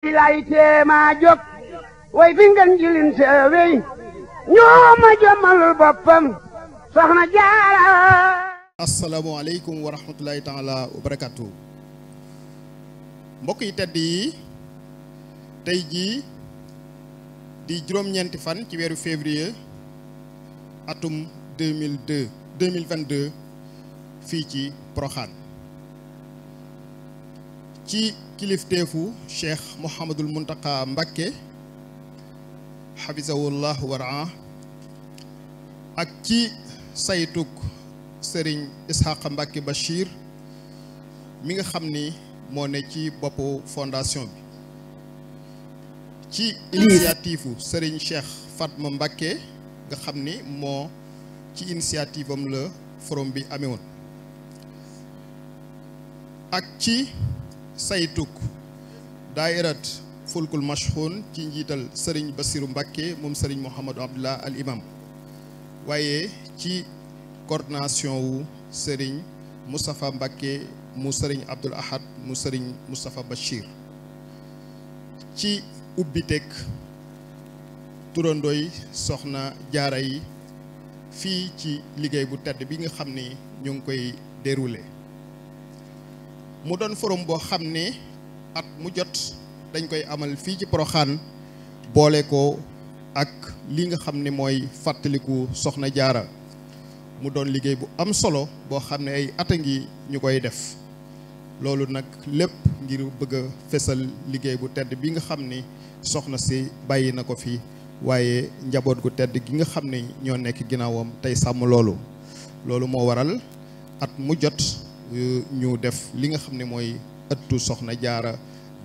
lay teema jóg way boppam soxna jaara asalaamaaleykum wa rahmatulahi taala wa barakatu mbokk yi yi tey jii di juróom-ñeenti fan ci weeru février atum 2002 2022 fii ci Porokhane ci kilifteefu cheikh Mouhamadul Muntaqa Mbakke xafisahullah waraa ak ci saytug sëriñ Isxaqa Mbakke Bachir mi nga xam ni moo ne ci boppu fondation bi ci initiative u sëriñ cheikh Fatma Mbakke nga xam ni moo ci initiative am la forum bi amewoon ak ci saytuk daa'irat fulkul mashxuun ci njiital sëriñ Bassirou Mbacké moom sëriñ Mouhamadou Abdullah al imam waaye ci coordination wu sëriñ Moustapha Mbacké mu sëriñ Abdoul Ahad mu sëriñ Moustapha Bachir ci ubbiteg turandooy soxna jaara yi fii ci liggéey bu tedd bi nga xam ni ñu ngi koy dérouler mu doon forum boo xam ne at mu jot dañ koy amal fii ci Porokhane boole ko ak lii nga xam ni mooy fàttaliku Soxna Jaara mu doon liggéey bu am solo boo xam ne ay at a ngi ñu koy def loolu nag lépp ngir bëgg a liggéey bu tedd bi nga xam ni soxna si bàyyi na ko fi waaye njaboot gu tedd gi nga xam ni ñoo nekk ginnaawam tey sàmm loolu loolu moo waral at mu jot ñu def li nga xam ne mooy ëttu soxna jaara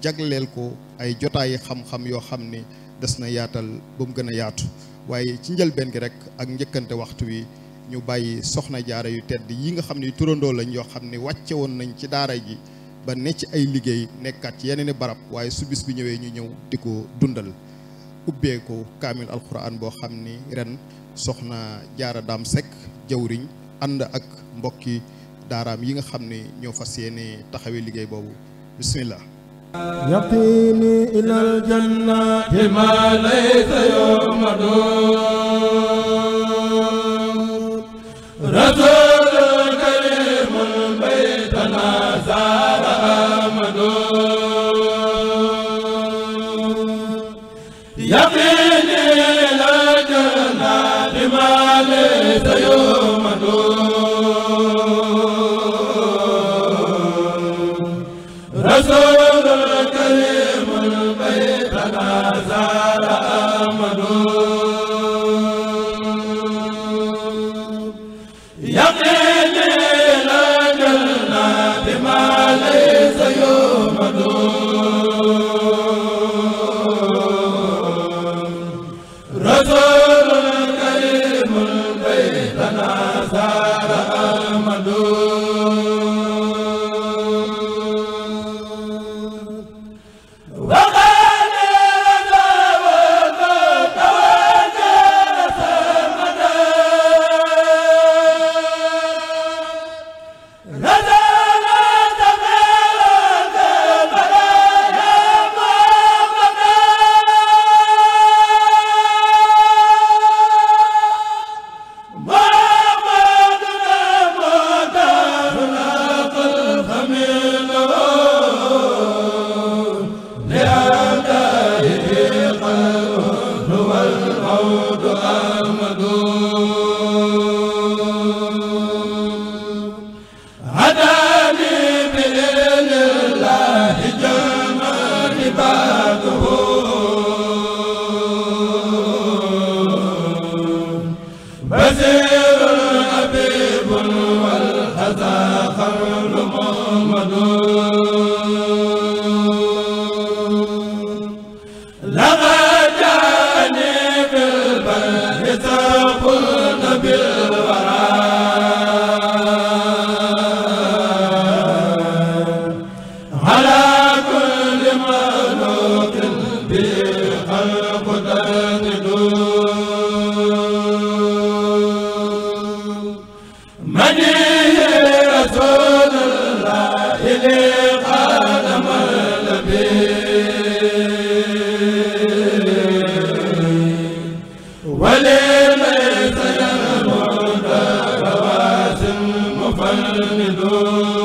jagleel ko ay jotaayi xam-xam yoo xam ni des na yaatal ba mu gën a yaatu waaye ci njëlbeen gi rek ak njëkkante waxtu wi ñu bàyyi soxna jaara yu tedd yi nga xam ne turandoo lañ yoo xam ne wàcce woon nañ ci daara ji ba ne ci ay liggéey nekkaat ci yeneen i barab waaye su bis bi ñëwee ñu ñëw di ko dundal ubbee kaamil alquran boo xam ni ren soxna jaara daam sekk jawriñ ànd ak mbokki daaraam yi nga xam ne ñoo fas yéene taxawee liggéey boobu bismillah yaqini ilal jannati ma laysa yawma waldu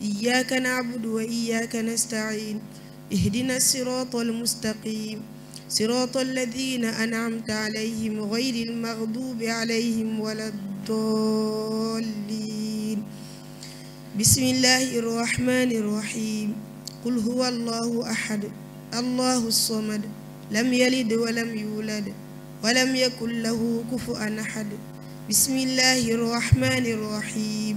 إياك نعبد وإياك نستعين اهدنا الصراط المستقيم صراط الذين أنعمت عليهم غير المغضوب عليهم ولا الضالين بسم الله الرحمن الرحيم قل هو الله أحد الله الصمد لم يلد ولم يولد ولم يكن له كفؤا أحد بسم الله الرحمن الرحيم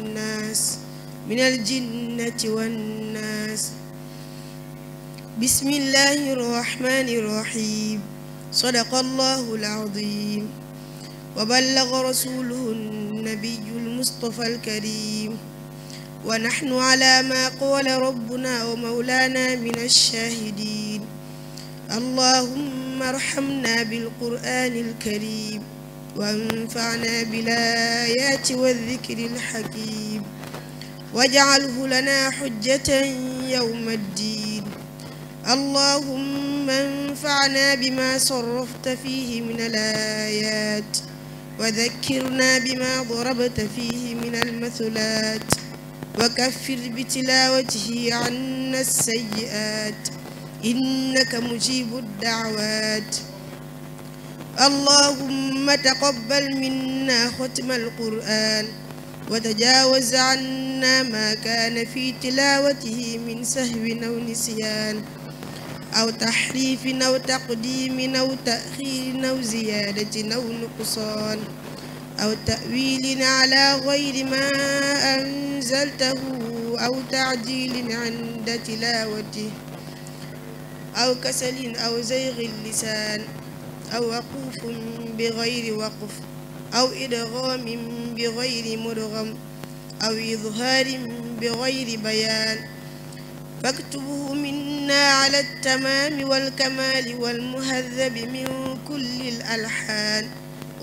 والناس من الجنة والناس بسم الله الرحمن الرحيم صدق الله العظيم وبلغ رسوله النبي المصطفى الكريم ونحن على ما قال ربنا ومولانا من الشاهدين اللهم ارحمنا بالقرآن الكريم وانفعنا بالآيات والذكر الحكيم واجعله لنا حجة يوم الدين اللهم انفعنا بما صرفت فيه من الآيات وذكرنا بما ضربت فيه من المثلات وكفر بتلاوته عنا السيئات إنك مجيب الدعوات اللهم تقبل منا ختم القرآن وتجاوز عنا ما كان في تلاوته من سهو أو نسيان أو تحريف أو تقديم أو تأخير أو زيادة أو نقصان أو تأويل على غير ما أنزلته أو تعجيل عند تلاوته أو كسل أو زيغ اللسان أو وقوف بغير وقف أو إدغام بغير مدغم أو إظهار بغير بيان فاكتبه منا على التمام والكمال والمهذب من كل الألحان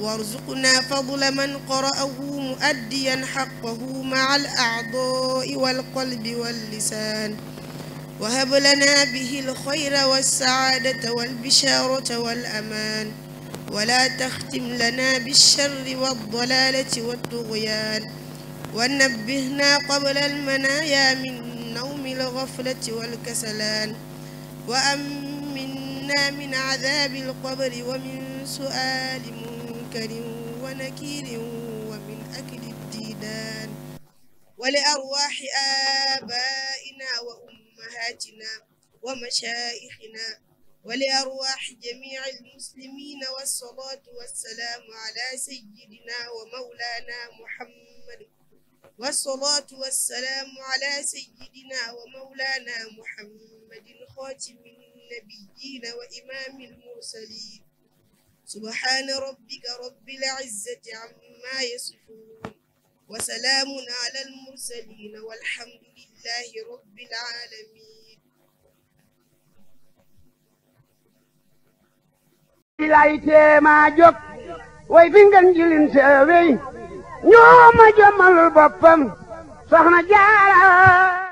وارزقنا فضل من قرأه مؤديا حقه مع الأعضاء والقلب واللسان وهب لنا به الخير والسعادة والبشارة والأمان ولا تختم لنا بالشر والضلالة والطغيان ونبهنا قبل المنايا من نوم الغفلة والكسلان وأمنا من عذاب القبر ومن سؤال منكر ونكير ومن أكل الديدان ولأرواح آبائنا وأولادنا وأمهاتنا ومشائخنا ولأرواح جميع المسلمين والصلاة والسلام على سيدنا ومولانا محمد والصلاة والسلام على سيدنا ومولانا محمد خاتم النبيين وإمام المرسلين سبحان ربك رب العزة عما يصفون وسلام على المرسلين والحمد لله رب العالمين lay teema jóg way fi ngeen jilin seewey ñoo ma jommalul soxna jaara